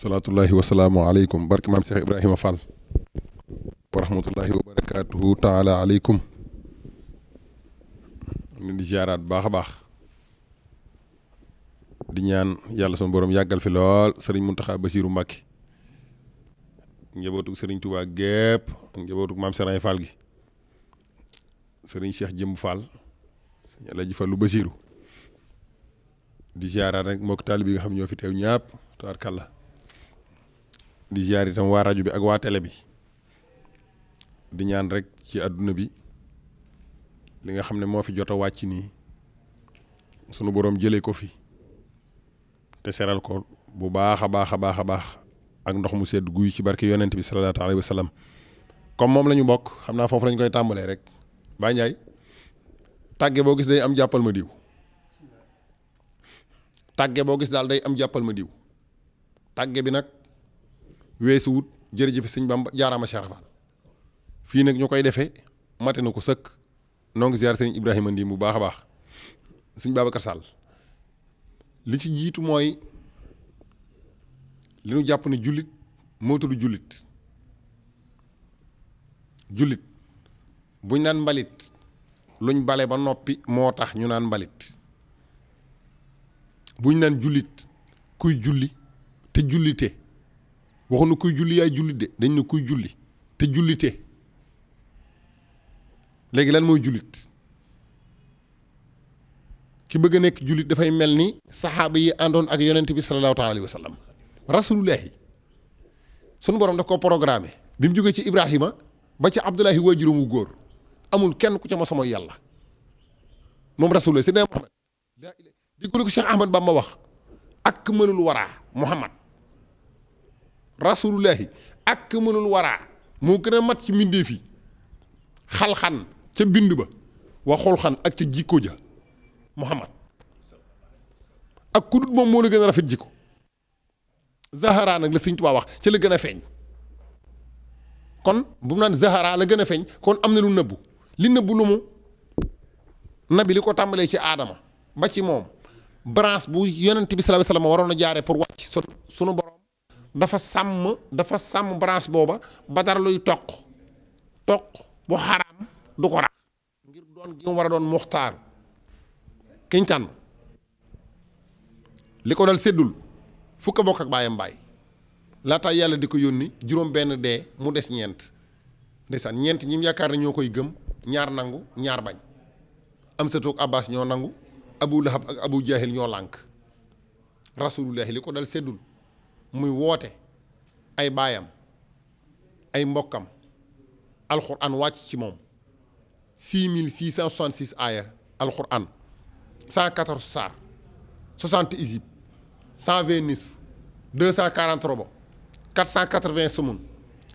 salaatullahi wasalaamu aleykum barki maam Cheikh Ibrahima Fall wa rahmatullahi wa barakaatuhu taala aleykum leen di ziaraat baax a baax di ñaan yàlla sunu borom yàggal fi lool sëriñ Muntaxa Basiiru Mbàkke njabootu sëriñ Tuubaa gépp njabootu maam Sëriñ Fall gi sëriñ Cheikh Jëmb Fall sëriñ Alaaji Basiiru di ziaraat rek mbokk taalibe yi nga xam ñoo fi teew ñàpp tabaarkalla di ziar itam waa rajo bi ak waa télé bi di ñaan rek ci àdduna bi li nga xam ne moo fi jot a wàcc nii sunu boroom jëlee ko fi te seral ko bu baax a baax a baax a baax ak ndox mu sedd guy ci barke yonent bi sallallahu alayhi wa sallam comme moom la ñu bokk xam naa foofu lañ koy tàmbalee rek baa tàgge boo gis day am jàppal ma diw tàgge boo gis daal day am jàppal ma diw tàgge bi nag weesu wut jërëjëf sëñ Bamba jaaraama Sharafal fii nag ñu koy defee mate ko sëkk noo ngi ziar sëñ Ibrahima Ndim bu baax a baax sëñ Babacar Sall li ci jiitu mooy li ñu jàpp ne jullit moo tudd jullit jullit buñ naan mbalit luñ bale ba noppi moo tax ñu naan mbalit buñ naan jullit kuy julli te jullite. waxuñu kuy julli yaay julli de dañ ne kuy julli te jullite léegi lan mooy jullit ki bëgg a nekk jullit dafay mel ni saxaaba yi àndoon ak yonent bi sallallahu taala alayhi wa sallam rasulullahi sunu borom daf ko programmé bi mu jógee ci Ibrahima ba ci Abdullahi waajuram wu góor amul kenn ku ca ma sama yàlla moom rasulullah si ne Muhammad di ko Cheikh Ahmad Bamba wax ak mënul waraa Muhammad rasulullahi ak mënul waraa moo gën a mat ci mbindeef yi xalxan ca bind ba waxul xan ak ca jikko ja muhammad ak ku dut moom moo la gën a rafet jikko zahara nag la sëñ Tuubaa wax ca la gën a feeñ kon bu mu naan zahara la gën a feeñ kon am na lu nëbbu li nëbbu lu mu nabi li ko tàmbalee ci aadama ba ci moom branche bu yonent bi sallallahu alayhi waroon a jaaree pour wàcc sunu borom dafa sàmm dafa sàmm branche booba ba dara luy toq toq bu xaraam du ko rax ngir doon mu war a doon muxtaaru kiñ tànn li ko dal séddul fukk bokk ak baayam baay laata yàlla di ko yónni juróom benn dee mu des ñeent sax ñeent ñi yaakaar ne ñoo koy gëm ñaar nangu ñaar bañ am sa toog abbas ñoo nangu abu lahab ak abu jahil ñoo lànk rasulullahi li ko dal séddul muy woote ay baayam ay mbokkam alxuraan wàcc ci moom six mille six cent soixante six aaya alxuraan cent quatorze saar soixante isib cent vingt nisf deux cent quarante robo quatre cent quatre vingt sumun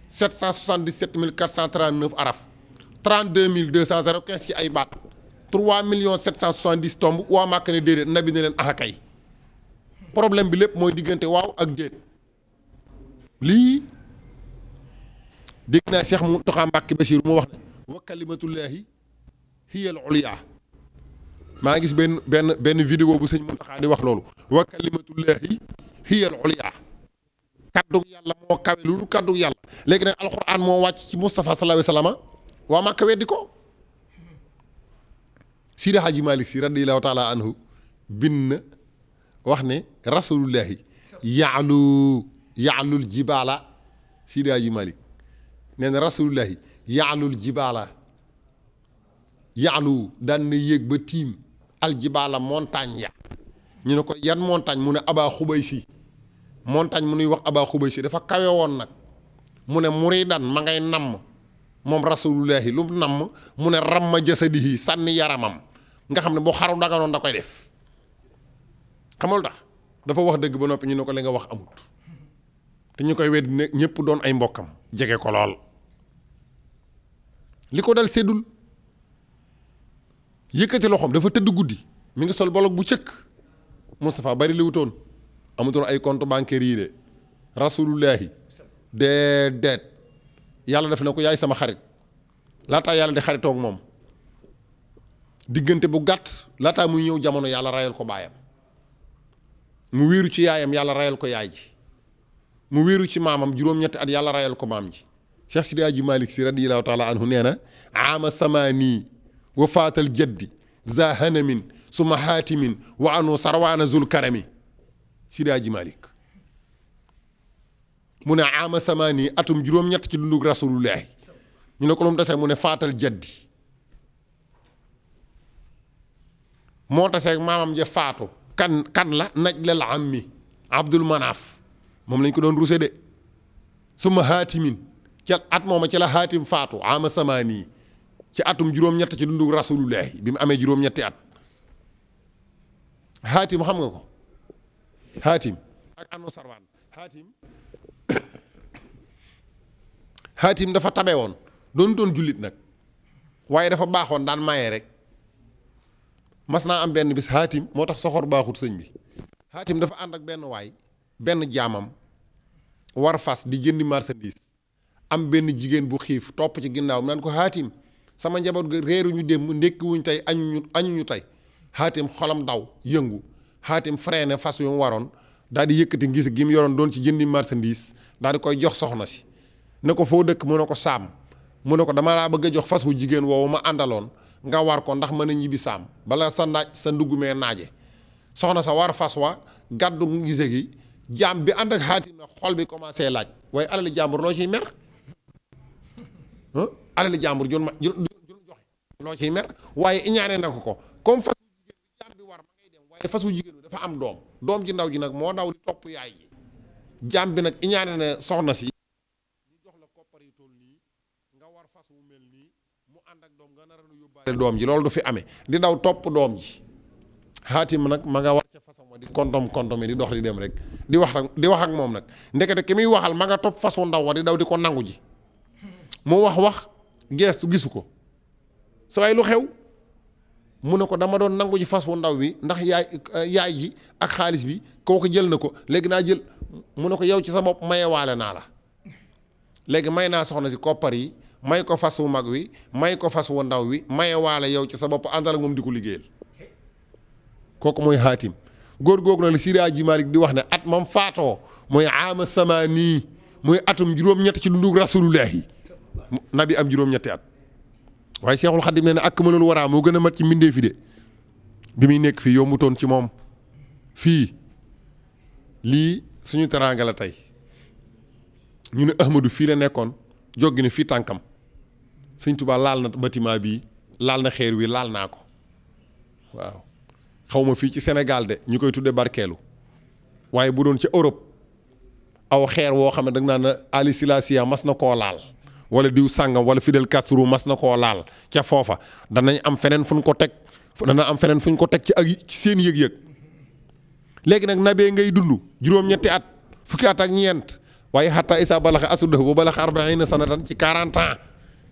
sept cent soixante dix sept mille quatre cent trente neuf araf trente deux mille deux cent zéro quinze ci ay baat trois millions sept cent soixante dix tomb waa màkk ne déedéet nabi ne leen ax problème bi lépp mooy diggante waaw ak déet lii dégg naa Cheikh Mountakha Mbacké Bachir mu wax ne wa kalimatullahi hiya al ulya maa gis benn benn benn vidéo bu sëñ Mountakha di wax loolu wa kalimatullahi hiya al ulya kaddu yàlla moo kawe kaddu yàlla léegi nag alxuraan moo wàcc ci Moustapha sallallahu alayhi wasallam waa Màkka weddi ko Sidi Hadji Malick Sy radiyallahu taala bind na wax ne rasulullahi yaalu yaalul jibaala Sidi Aji Malik nee na rasulullahi yaalul jibaala yaalu daan na yéeg ba tiim aljibaala montagne ya ñu ne ko yan montagne mu ne abaa xubay si montagne mu nuy wax abaa xubay si dafa kawe woon nag mu ne muridan ma ngay namm moom rasulullahi lu namm mu ne ramma jasadihi sànni yaramam nga xam ne boo xaru daganoon da koy def xamul tax dafa wax dëgg ba noppi ñu ne ko li nga wax amut te ñu koy wedd ne ñëpp doon ay mbokkam jege ko lool li ko dal seddul yëkkati loxoom dafa tëdd guddi mi ngi sol bolog bu cëkk Moustapha bari liwutoon wutoon amutoon ay compte bancaire yii de rasulullahi déedéet yàlla def na ko yaay sama xarit laataa yàlla di xaritoog moom diggante bu gàtt laataa muy ñëw jamono yàlla rayal ko baayam mu wéeru ci yaayam yàlla rayal ko yaay ji mu wéeru ci maamam juróom-ñetti at yàlla rayal ko maam ji Cheikh Sidi Aji Malick si radiyallahu taala anhu nee na aama samaanii wa faatal jaddi za suma haatimin wa anu sarwaana zul karami Sidi Aji Malick mu ne aama samaanii atum juróom-ñett ci dundug rasulullahi ñu ne ko lu mu tase mu ne faatal jaddi moo taseeg maamam ja faatu kan kan la naj lal ammi Abdul Manaaf moom lañ ko doon ruse de suma haatimin ci at mooma ci la haatim faatu ama samaani ci atum juróom-ñett ci dundu rasulullahi bi mu amee juróom-ñetti at haatim xam nga ko haatim ak anu sarwaan haatim dafa tabe woon doon doon jullit nag waaye dafa baaxoon daan maye rek mas naa am benn bis haatim moo tax soxor baaxut sëñ bi haatim dafa ànd ak benn waay benn jaamam war fas di jëndi marchandise am benn jigéen bu xiif topp ci ginnaaw mu naan ko xaatim sama njaboot ga ñu démb ndékkiwuñ tey añu ñu tey xaatim xolam daw yëngu xaatim freiné fas yu mu waroon daal di yëkkati ngis gi mu yoroon doon ci jëndi marchandise daal di koy jox soxna si ne ko foo dëkk mu ne ko saam mu ne ko dama laa bëgg a jox fas wu jigéen woowu ma àndaloon nga war ko ndax mën a ñibbi saam bala sa naaj sa ndugg mee naaje soxna sa war fas wa gàddu ngise jaam bi ànd ak xaatim na xol bi commencé laaj waaye alali jàmbur loo ciy mer alali jàmbur jun ma joxe loo ciy mer waaye iñaane na ko ko comme fas wu jigéen bi dem waaye fas jigéen bi dafa am doom doom ji ndaw ji nag moo daw di topp yaay ji jaam bi nag iñaane na soxna si ñu jox la koppar yu toll nii nga war fas wu mel nii mu ànd ak doom nga nara a yóbbaale doom ji loolu du fi amee di daw topp doom ji xaatim nag ma nga war ca façon ma di kontom kontom yi di dox di dem rek di wax ak di wax ak moom nag ndekete ki muy waxal ma nga topp façon ndaw wa di daw di ko nangu ji mu wax wax geestu gisu ko sa waay lu xew mu ne ko dama doon nangu ji fas wu ndaw bi ndax yaay yaay ji ak xaalis bi kooku jël na ko léegi naa jël mu ne ko yow ci sa bopp maye mayewaale naa la léegi may naa soxna si koppar yi may ko fas wu mag wi may ko fas wu ndaw wi waale yow ci sa bopp àndal ak moom di ko liggéeyal kooku góor googu nag la Seydi Hadji Malick di wax ne at mam faatoo mooy aama samaani muy atum juróom-ñett ci dundu rasulullahi nabi am juróom-ñetti at waaye Seexul Xadim ne ne ak ma loolu moo gën a mat ci mbindee fi de bi muy nekk fii yombutoon ci moom fii lii suñu teraanga la tey ñu ne Ahmadou fii la nekkoon joggi ne fii tànkam sëñ Tuubaa laal na bâtiment bii laal na xeer wi laal naa ko waaw xaw ma fii ci senegal de ñu koy tuddee barkeelu waaye bu doon ci Europe aw xeer woo xam ne da nga naan Ali mas na koo laal wala diw sàngam wala Fidel Castro mas na koo laal ca foofa danañ am feneen fu ko teg dana am feneen fu ko teg ci ak seen yëg-yëg léegi nag nabee ngay dund juróom-ñetti at fukki at ak ñeent waaye xataa isa balaxa asudahu ba balaxa arbaina sanatan ci 40 ans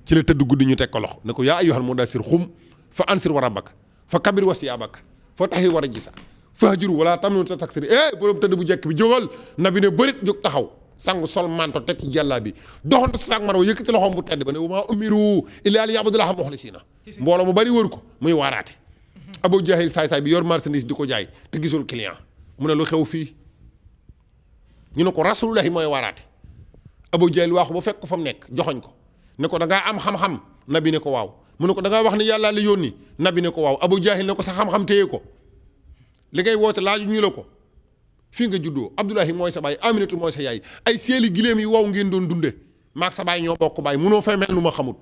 ci la tëdd guddi ñu teg ko loxo ne ko yaa ayyuhal mudassir xum fa ansir wa rabbaka fa kabir wasiyaabaka foo tax yi war a gisa faajuru wala tam noonu a taksiri eh borom tëdd bu jekk bi jógal nabi ne bërit jóg taxaw sangu sol manto teg ci jàllaa bi doxantu sa ak marwa yëkkati loxoom bu tedd ba ne wama umiru illaa liya'budullaha muxlisiina mbooloo mu bari wër ko muy waaraate abou jahil saay-saay bi yor marchandise di ko jaay te gisul client mu ne lu xew fii ñu ne ko rasulullahi mooy waaraate abou jahil waaxu ba fekk ko fa mu nekk joxoñ ko ne ko da ngaa am xam ne ko waaw mu ne ko da wax ni yàllaa yoon ni nabi ne ko waaw abu jaahil ne ko sa xam-xam téye ko li ngay woote laaju ñu la ko fii nga juddoo abdoulahi mooy sa baay aminatu mooy sa yaay ay seeli giléem yi wow ngeen doon dunde maag sa baay ñoo bokk baay munoo fay mel nu ma xamut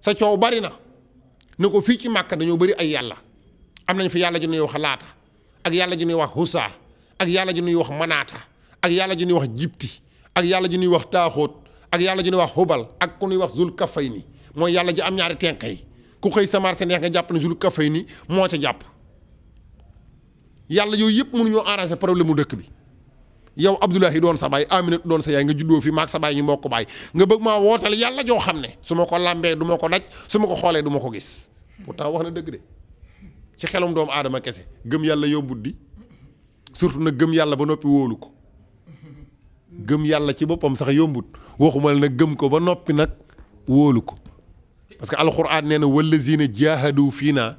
sa coow bari na ne ko fii ci màkka dañoo bari ay yàlla am nañ fi yàlla ju nuy wax laata ak yàlla ju ñuy wax husa ak yàlla ju nuy wax manaata ak yàlla ju nuy wax jibti ak yàlla ju ñuy wax taaxóot ak yàlla ju ñuy wax hubal ak ku wax zul kafay ni mooy yàlla ji am ñaari tenq yi ku xëy sa marché neex nga jàpp ne jul kafay nii moo ca jàpp yàlla yooyu yëpp mënuñoo arrangé problème mu dëkk bi yow Abdoulahi doon sa baay Aminata doon sa yaay nga juddoo fi maag sa baay ñu ko baay nga bëgg maa wootal yàlla joo xam ne su ma ko làmbee du ma ko daj su ma ko xoolee du ma ko gis pourtant wax na dëgg de ci xelum doomu aadama kese gëm yàlla yombut di surtout nag gëm yàlla ba noppi wóolu ko gëm yàlla ci boppam sax yombut waxumal nag gëm ko ba noppi nag wóolu ko parce que alquran nee na wallazina jaahadu fii naa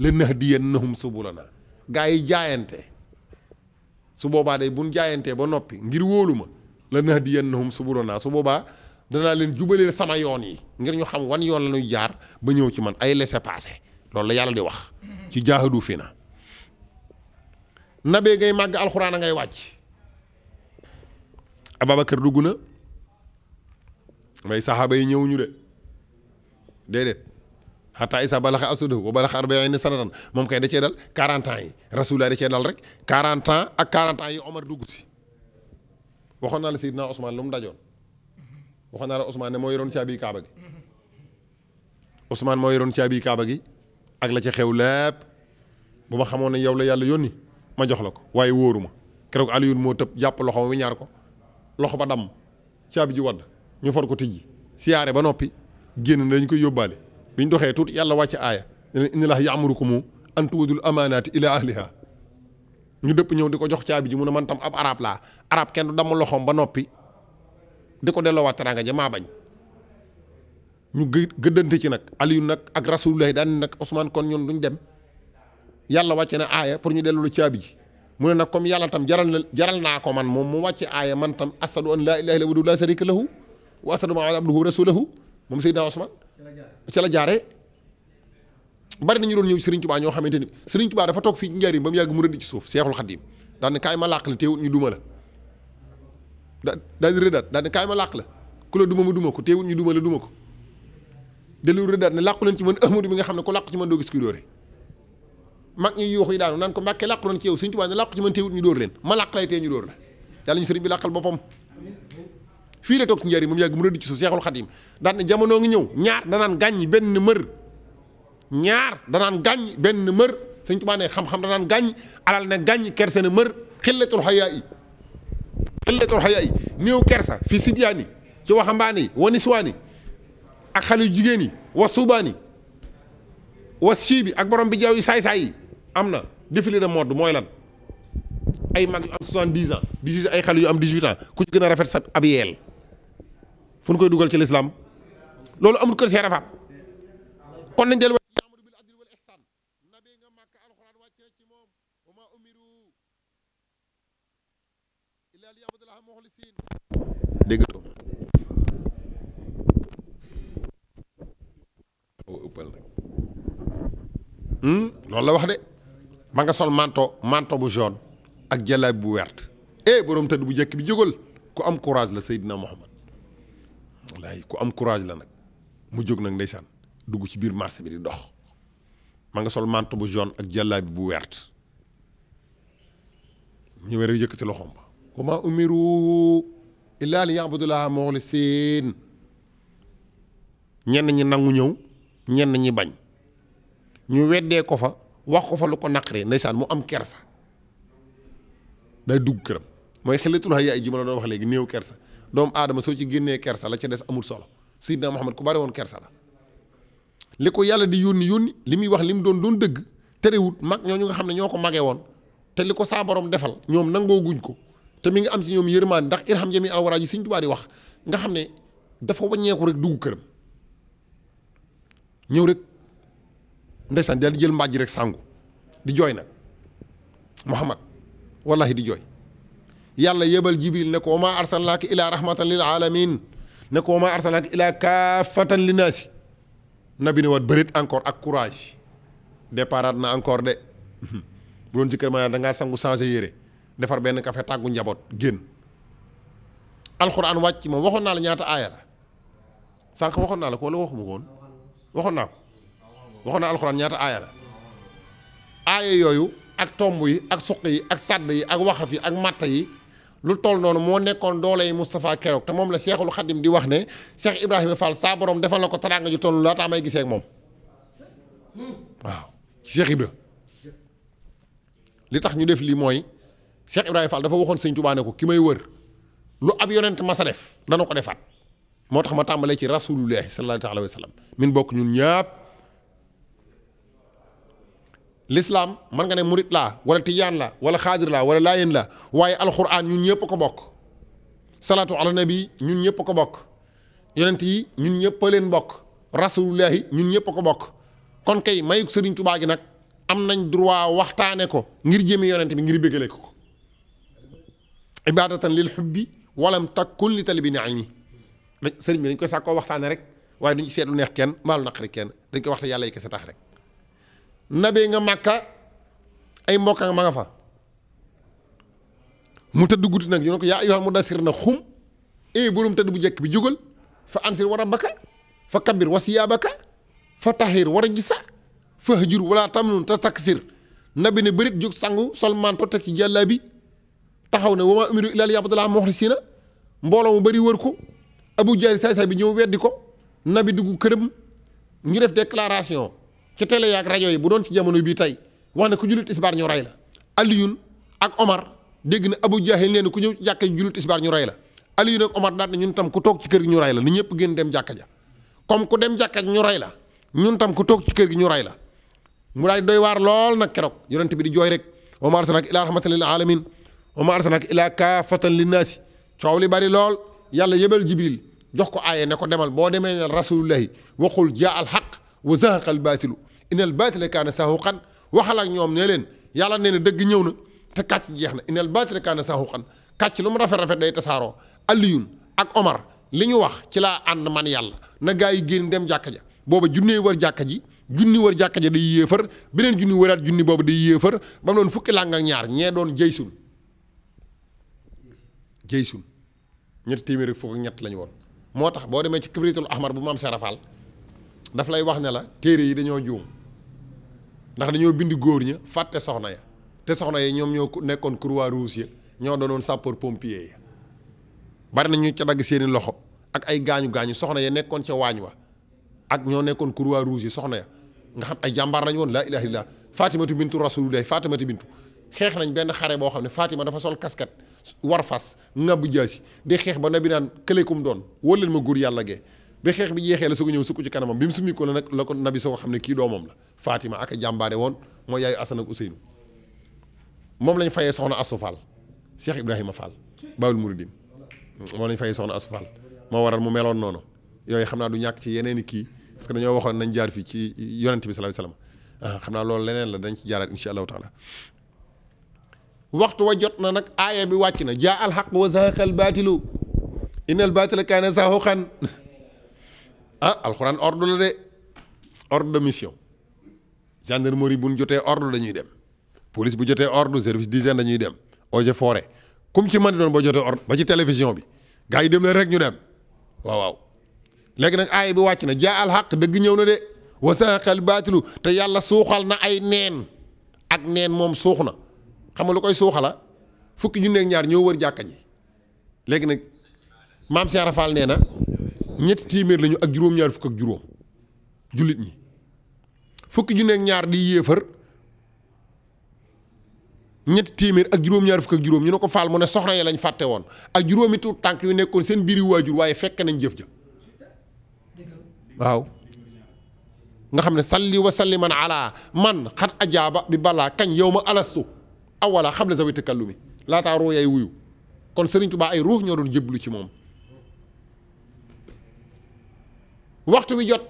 lanahdiyannahum subulana gaa yi jaayante su boobaa de buñ jaayantee ba noppi ngir wóolu ma lanahdiyannahum subulana su boobaa danaa leen jubaleel sama yoon yi ngir ñu xam wan yoon la jaar ba ñëw ci man ay laissez-passer loolu la yàlla di wax ci jaahadu fii na nabee ngay màgg alxuraan a ngay wàcc Ababacar dugg na may saxaaba yi ñëw ñu de déedéet xataa isa balaxa asudahu wa balaxa arbaina sanatan moom kay da cee dal 40 ans yi rasulullah da cee dal rek 40 ans ak 40 ans yi Omar dugg si waxoon naa la Seydina Ousmane lu mu dajoon waxoon naa la Ousmane ne moo yoroon caabi Kaaba gi ak la ca xew lépp bu ma xamoon na yow la yàlla yónni ma jox la ko waaye wóoru ma keroog Alioune moo tëb jàpp loxo wi ñaar ko loxo ba damm caabi ji wadd ñu for ko tijji siyaare ba noppi. génn dañ koy yóbbaale bi ñu doxee tuuti yàlla wàcc aaya ne leen inna laaha ya'murukum an tu'addul amaanaati ilaa ñu dëpp ñëw di ko jox caabi ji mu ne man tam ab arab laa arab kenn du damm loxoom ba noppi di ko delloowaat teraanga ja bañ ñu gëddante ci nag Aliou nag ak Rasulullahi daan nag Ousmane kon ñun duñ dem yàlla wàcce na aaya pour ñu delloo la caabi ji mu ne nag comme yàlla tam jaral na jaral naa ko man moom mu wàcce aaya man tam asadu an laa la illallaahu wahdahu laa shariika lahu wa asadu anna Muhammadan abduhu wa rasuluhu moom Seydina Ousmane ca la jaaree bari nañu doon ñëw Serigne Touba ñoo xamante ni Serigne Touba dafa toog fii njariñ ba mu yàgg mu rëdd ci suuf seexul xaddim daan na kaay ma làq la teewut ñu duma la da daal di rëddaat daan na kaay la ku la duma ma duma ko teewut ñu duma la duma ko delu rëddaat ne làqu leen ci man Ahmadu bi nga xam ne ko làqu ci man doo gis kuy dóore ko mbàkkee làqu leen ci yow Serigne Touba ne làqu ci ñu dóor leen ma làq lay tee ñu dóor la yàlla ñu Serigne bi làqal boppam fii la toog ci njëri moom yàgg mu rëdd ci suuf seexul xadim daan jamonoo ngi ñëw ñaar danaan gàññi benn mër ñaar danaan gàññi benn mër sëñ Tuubaa ne xam-xam danaan gàññi alal ne gàññi kerse ne mër xillatul xayaa yi xayaa yi néew kersa fi sibyaan ci waxambaane yi wa niswaan ak xale yu jigéen yi wa suubaan yi wa ak borom bi jaww yi saay-saay yi am na défilé de mode mooy lan ay mag yu am soixante-dix ans ay xale yu am dix-huit ans ku ci gën a rafet sa ab yeel fu ñu koy dugal ci lislaam loolu amul kër Cheikh Rafal kon nañ del dégg hmm? loolu la wax de ma sol manto manto bu jaune ak jalaab bu wert eh borom tëdd bu njëkk bi jógal ku am courage la Seydina Muhammad wallaay ku am courage la nag mu jóg nag ndeysaan dugg ci biir marché bi di dox ma nga sol manto bu jaune ak jàllaay bu wert ñu weer rek yëkkati loxoom ba wa maa umiru illaa li ya'budullaha muxlisiin ñenn ñi nangu ñëw ñenn ñi bañ ñu weddee ko fa wax ko fa lu ko naqaree ndeysaan mu am kersa day dugg këram mooy xelatul ay ji ma la doon wax léegi néew kersa doomu aadama soo ci génnee kersa la ca des amul solo Seydina Muhammad ku bare woon kersa la li ko yàlla di yónni yónni li muy wax li mu doon doon dëgg terewut mag ñoo ñooñu nga xam ne ñoo ko magee woon te li ko saa defal ñoom nangoo guñ ko te mi ngi am ci ñoom yërmaan ndax irham jami alwara ji Sëñ Tuubaa di wax nga xam ne dafa waññeeku rek dugg këram ñëw rek ndeysaan daal di jël mbàjj rek sàngu di jooy nag Muhammad wallahi di jooy yàlla yebal jibril ne ko wa maa arsalnaaka ilaa rahmatan lil alamin ne ko wa maa ilaa kaafatan li naasi nabi bërit encore ak courage déparaat na encore de bu doon ci kër ma da ngaa sangu changé yére defar benn café tàggu njaboot génn alxuraan wàcc moom waxoon naa la ñaata aaya la sànq waxoon naa la ko wala waxuma ko woon waxoon naa ko waxoon naa alxuraan ñaata aaya la aaya yooyu ak tomb yi ak suq yi ak sàdd yi ak waxaf yi lu toll noonu moo nekkoon yi Moustapha Keroog te moom la Cheikhul Khadim di wax ne Cheikh Ibrahima Fall saa borom defal na ko teraanga ju toll laataa may gisee ak moom waaw Cheikh Ibra li tax ñu def lii mooy Cheikh Ibrahima dafa waxoon sëñ Tuubaa ko ki may wër lu ab yonent ma sa def dana ko defaat moo tax ma tàmbalee ci rasulullahi sallallahu alayhi wa sallam min bokk ñun ñëpp. lislaam man nga ne murit laa wala tijaan laa wala xaadir la wala laayeen laa waaye alxuraan ñun ñëpp ko bokk salaatu ala nabi ñun ñëpp ko bokk yonent yi ñun ñëpp a leen bokk rasulullahi ñun ñëpp ko bokk kon kay mayuk sëriñ tubaa gi nag am nañ droit waxtaane ko ngir jéem yonent bi ngir bégale ko ibaadatan lil xubbi walam takkun li tali bi ne ay ni sëriñ bi dañ koy sàkkoo waxtaane rek waaye duñ ci seetlu neex kenn maalu naqari kenn dañ koy waxta yàlla yi kese tax rek nabee nga màkka ay mbokka ma nga fa mu tëdd guddi nag ñu ne ko yaa ayyuhal mudassir na xum ee boroom tëdd bu njëkk bi jógal fa ansir war a bakka fa kabir wasiyaabaka fa taxir war a gisa fa hëjur wala tamnun ta taksir nabi ne bërit jóg sangu sol manto te ci jàllaa bi taxaw ne wama umiru illaa liya'budullaaha muxlisiina mbooloo mu bari wër ko abu jahl saay saay bi ñëw weddi ko nabi dugg këram ñu def déclaration ci télé ak rajo yi bu doon ci jamono bii tey wax ne ku jullit tisbaar ñu rey la Alioune ak Omar dégg na Abu Jaahil leen ku ñëw ci jàkka jullit tisbaar ñu ray la Alioune ak Omar daal ne ñun tam ku toog ci kër gi ñu ray la ni ñëpp gën dem jàkka ja comme ku dem jàkka ñu ray la ñun tam ku toog ci kër gi ñu ray la mu daal doy waar lool nag keroog yonent bi di jooy rek wa maa arsalnaaka illaa rahmatan lil aalamiin wa maa arsalnaaka illaa kaafatan naa coow li bari lool yàlla yëbal jibril jox ko aaye ne ko demal boo demee ne rasulullahi waxul al wa zahaqa al baatilu ina al baatila kaana sahuqan waxal ak ñoom ne leen yàlla nee na dëgg ñëw na te kàcc jeex na indeel al baatila kaana sahuqan kàcc lu mu rafet rafet day tasaaroo Aliyun ak Omar li ñu wax ci laa ànd man yàlla na gaa yi génn dem jàkka ja booba junnee war jàkka ji junni war jàkka ja day yéefar beneen junni waraat junni boobu day yéefar ba mu doon fukki làng ñaar ñee doon jëy sun sun ñetti téeméer fukk ñett lañu woon moo tax boo demee ci kibritul ahmar bu maam serafal daf lay wax ne la téere yi dañoo juum ndax dañoo bind góor ña fàtte soxna ya te soxna ya ñoom ñoo nekkoon croix rouge ya ñoo doonoon sapeur pompier ya bari na ñu ca dagg seeni loxo ak ay gaañu gaañu soxna ya nekkoon ca waañ wa ak ñoo nekkoon croix rouge yi soxna ya nga xam ay jàmbaar lañu woon laa ilaaha illallaah Fatimatu bintu Rasulullah Fatimatu bintu xeex nañ benn xare boo xam ne Fatima dafa sol kaskat war fas ngàbbu jaasi di xeex ba nabi naan këlekum doon wóor leen ma góor yàlla gee bi xeex bi jeexee la su ko ñëw sukk ci kanamam bi mu summi la nag la ko nabi soo xam ne kii doomam la Fatima ak jàmbaare woon moo yaayu Assane ak Ousseynou moom lañ fayee soxna Assou Fall Cheikh Ibrahima Fall Baawul Mouridine moom lañ fayee soxna Assou Fall moo waral mu meloon noonu yooyu xam naa du ñàkk ci yeneen i kii parce que dañoo waxoon nañ jaar fii ci yonent bi sallallahu alayhi wasallam ah, xam naa loolu leneen la dañ ci jaaraat incha allahu taala waxtu wa jot na nag aaya bi wàcc na jaa alxaq wa zahaqal baatilu innal baatila kaana zahuqan ah alxuraan ordre la de ordre de mission gendarmerie bu ñu jotee ordre dañuy dem police bu jotee ordre service d'hygiène dañuy dem eaux et comme ci man doon boo jotee ordre ba ci télévision bi gars yi dem leen rek ñu dem waaw waaw léegi nag aay bi wàcc na jaa alxaq dëgg ñëw na de wasaaqal baatilu te yàlla suuxal na ay neen ak neen moom suux na xam nga lu koy suuxala ah? fukki junneeg ñaar ñoo wër jàkka ji léegi nag maam Cheikh Rafal nee na ñetti téeméer lañu ak juróom-ñaar fukk ak juróom jullit ñi fukki junne ak ñaar di yéefar ñetti téeméer ak juróom-ñaar fukk ak juróom ñu ne ko faal mun ne soxna ya lañ fàtte woon ak juróomi tuut tànk yu nekkoon seen biiri waajur waaye fekk nañ jëf ja waaw nga xam ne salli wa salliman ala man xat ajaaba bi balaa kañ yow ma alastu awala xam la zawi takallumi laataa ruux yaay wuyu kon Sëriñ Tuubaa ay ruux ñoo doon jébbalu ci moom waxtu wi jot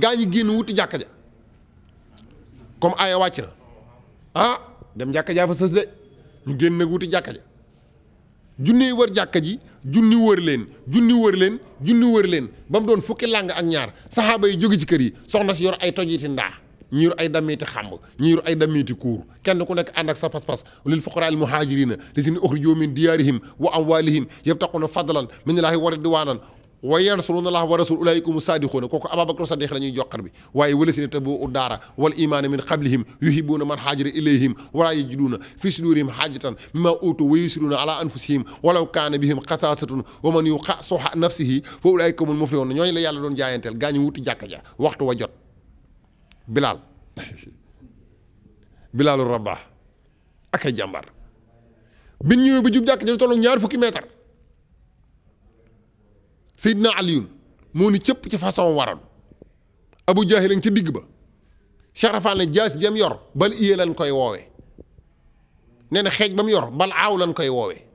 gaa ñi génn wuti jàkka ja comme aaya wàcc na ah dem jàkka jaa fa sës de ñu génn nag wuti jàkka ja junni wër jàkka ji junni wër leen junni wër leen junni leen ba mu doon fukki làng ak ñaar saxaaba yi jóge ci kër yi soxna si yor ay tojiti ndaa ñi yor ay dammiiti xàmb ñi yor ay dammiiti kuur kenn ku nekk ànd ak sa pas-pas lil fuqaraa al muhaajiriina lazina uxrijuu min diyaarihim wa amwaalihim yabtaquuna fadlan minallaahi wa ridwaanan wa yansuruna allah wa rasul ulaika hum saadiquna kooku ababacre sadiq la ñuy joxar bi waaye wala si ne tabo u daara wal imaana min qablihim yuhibuuna man haajara ilayhim walaa yajiduuna fi sudurihim haajatan mimma utu wa yusiruna ala anfusihim walaw kaana bihim xasaasatun wa man yuqa soha nafsihi fa ulaika humul muflihun ñooñu la yàlla doon jaayanteel gaañu wuti jàkka ja waxtu wa jot bilaal bilaalu rabaa ak ay jàmbar bin ñëwee ba jub jàkk ñu tollu ñaar fukki mètre Seydina Aliyun moo ni cëpp ci façon waroon Abu Jaahil ca digg ba Sharafaan jaas jëm yor bal iyee lañ koy woowee nee na xeej ba mu yor bal aaw lañ koy woowe